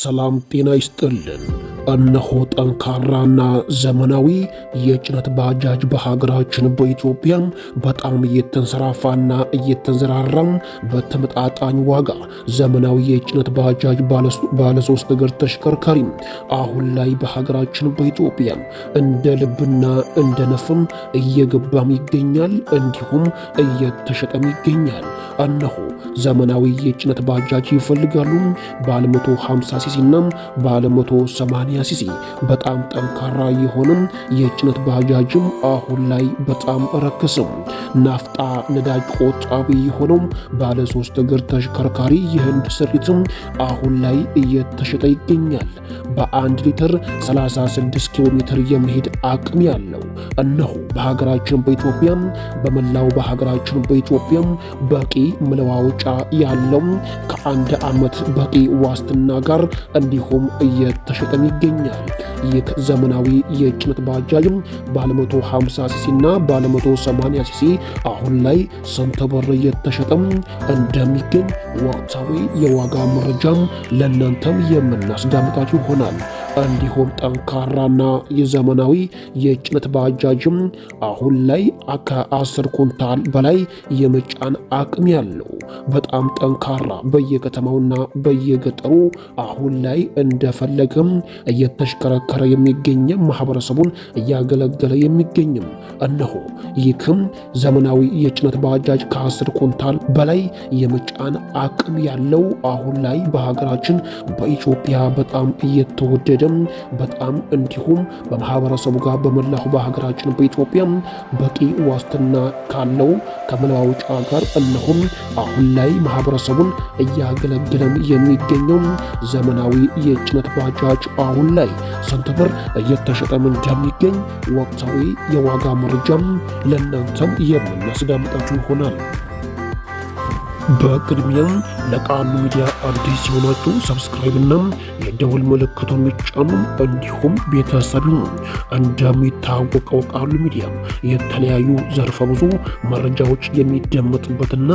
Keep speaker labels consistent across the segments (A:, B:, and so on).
A: ሰላም ጤና ይስጥልን። እነሆ ጠንካራና ዘመናዊ የጭነት ባጃጅ በሀገራችን በኢትዮጵያም በጣም እየተንሰራፋና እየተንዘራራም በተመጣጣኝ ዋጋ ዘመናዊ የጭነት ባጃጅ ባለሶስት እግር ተሽከርካሪ አሁን ላይ በሀገራችን በኢትዮጵያ እንደ ልብና እንደ ነፍም እየገባም ይገኛል፣ እንዲሁም እየተሸጠም ይገኛል። እነሆ ዘመናዊ የጭነት ባጃጅ ይፈልጋሉ ባለ 150 ሲሲና ባለ 180 ሲሲ በጣም ጠንካራ የሆነም የጭነት ባጃጅም አሁን ላይ በጣም ረክስም ናፍጣ ነዳጅ ቆጣቢ የሆነው ባለ ሶስት እግር ተሽከርካሪ የህንድ ስሪትም አሁን ላይ እየተሸጠ ይገኛል። በአንድ ሊትር 36 ኪሎ ሜትር የመሄድ አቅም ያለው እነሆ በሀገራችን በኢትዮጵያም በመላው በሀገራችን በኢትዮጵያም በቂ መለዋወጫ ያለው ከአንድ ዓመት በቂ ዋስትና ጋር እንዲሁም እየተሸጠም ይገኛል። ይገኛል። ይህ ዘመናዊ የጭነት ባጃጅም ባለ150 ሲሲ ሲሲና ባለ180 ሲሲ አሁን ላይ ስንት ብር እየተሸጠም እንደሚገኝ ወቅታዊ የዋጋ መረጃም ለእናንተም የምናስዳምጣችሁ ይሆናል። እንዲሁም ጠንካራና የዘመናዊ የጭነት ባጃጅም አሁን ላይ ከአስር ኩንታል በላይ የመጫን አቅም ያለው በጣም ጠንካራ በየከተማውና በየገጠሩ አሁን ላይ እንደፈለገም እየተሽከረከረ የሚገኘ ማህበረሰቡን እያገለገለ የሚገኝም እነሆ ይህም ዘመናዊ የጭነት ባጃጅ ከአስር ኩንታል በላይ የመጫን አቅም ያለው አሁን ላይ በሀገራችን በኢትዮጵያ በጣም እየተወደደም በጣም እንዲሁም በማህበረሰቡ ጋር በመላሁ በሀገራችን በኢትዮጵያ በቂ ዋስትና ካለው ከመለዋወጫ ጋር እነሆም አሁን ላይ ማህበረሰቡን እያገለገለም የሚገኘው ዘመናዊ የጭነት ባጃጅ አሁን ላይ ስንት ብር እየተሸጠም እንደሚገኝ ወቅታዊ የዋጋ መረጃም ለእናንተም የምናስዳምጣችሁ ይሆናል። በቅድሚያም ለቃሉ ሚዲያ አዲስ የሆናችሁ ሰብስክራይብ እና የደውል ምልክቱን የሚጫኑ እንዲሁም ቤተሰብ እንደሚታወቀው ቃሉ ሚዲያ የተለያዩ ዘርፈ ብዙ መረጃዎች የሚደመጥበትና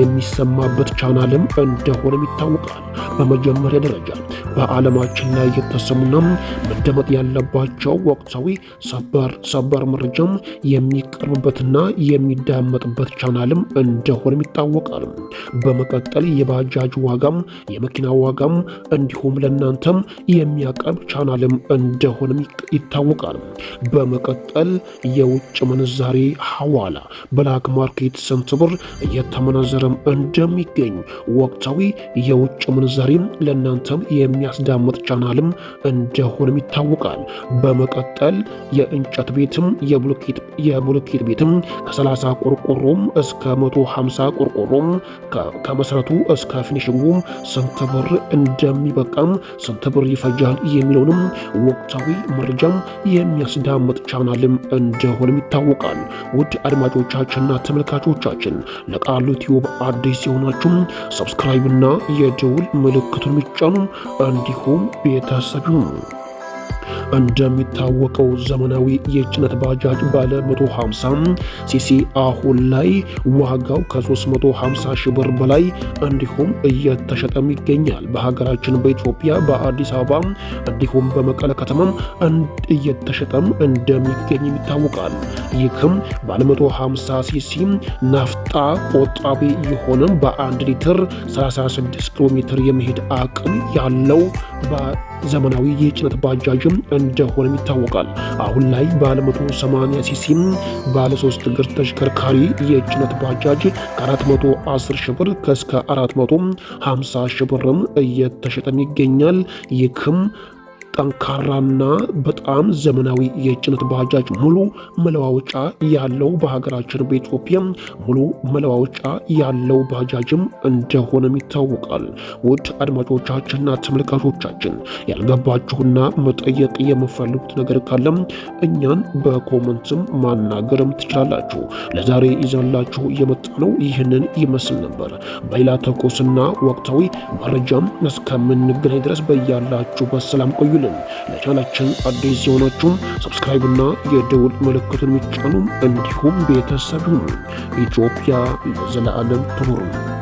A: የሚሰማበት ቻናልም እንደሆነም ይታወቃል። በመጀመሪያ ደረጃ በዓለማችን ላይ የተሰሙና መደመጥ ያለባቸው ወቅታዊ ሰበር ሰበር መረጃም የሚቀርብበትና የሚዳመጥበት ቻናልም እንደሆነም ይታወቃል። በመቀጠል የባጃጅ ዋጋም የመኪና ዋጋም እንዲሁም ለእናንተም የሚያቀርብ ቻናልም እንደሆነም ይታወቃል። በመቀጠል የውጭ ምንዛሬ ሐዋላ ብላክ ማርኬት ስንት ብር እየተመነዘረም እንደሚገኝ ወቅታዊ የውጭ ምንዛሬም ለእናንተም የሚያስዳምጥ ቻናልም እንደሆነም ይታወቃል። በመቀጠል የእንጨት ቤትም የብሎኬት ቤትም ከ30 ቆርቆሮም እስከ 150 ቆርቆሮም ከመሰረቱ እስከ ፊኒሽንጉም ስንት ብር እንደሚበቃም ስንት ብር ይፈጃል የሚለውንም ወቅታዊ መረጃም የሚያስዳምጥ ቻናልም እንደሆነም ይታወቃል። ውድ አድማጮቻችንና ተመልካቾቻችን ለቃሉ ዩቲዩብ አዲስ የሆናችሁም ሰብስክራይብና የደውል ምልክቱን ሚጫኑ እንዲሁም ቤተሰብ ይሁኑ። እንደሚታወቀው ዘመናዊ የጭነት ባጃጅ ባለ 150 ሲሲ አሁን ላይ ዋጋው ከ350 ሺህ ብር በላይ እንዲሁም እየተሸጠም ይገኛል። በሀገራችን በኢትዮጵያ በአዲስ አበባ እንዲሁም በመቀለ ከተማም እየተሸጠም እንደሚገኝ ይታወቃል። ይህም ባለ 150 ሲሲ ናፍጣ ቆጣቢ የሆነም በአንድ ሊትር 36 ኪሎ ሜትር የመሄድ አቅም ያለው በዘመናዊ የጭነት ባጃጅም እንደሆነም ይታወቃል። አሁን ላይ ባለ 180 ሲሲ ባለ 3 እግር ተሽከርካሪ የጭነት ባጃጅ ከ410 ሺህ ብር እስከ 450 ሺህ ብርም እየተሸጠም ይገኛል። ይህም ጠንካራና በጣም ዘመናዊ የጭነት ባጃጅ ሙሉ መለዋወጫ ያለው በሀገራችን በኢትዮጵያ ሙሉ መለዋወጫ ያለው ባጃጅም እንደሆነም ይታወቃል። ውድ አድማጮቻችንና ተመልካቾቻችን ያልገባችሁና መጠየቅ የምፈልጉት ነገር ካለም እኛን በኮመንትም ማናገርም ትችላላችሁ። ለዛሬ ይዘንላችሁ የመጣ ነው ይህንን ይመስል ነበር። በሌላ ተኮስና ወቅታዊ መረጃም እስከምንገናኝ ድረስ በያላችሁ በሰላም ቆዩ። አድርሱልን። ለቻናችን አዲስ የሆናችሁም ሰብስክራይብና የደውል ምልክቱን የሚጫኑም እንዲሁም ቤተሰብም ኢትዮጵያ ለዘለዓለም ትኑርም።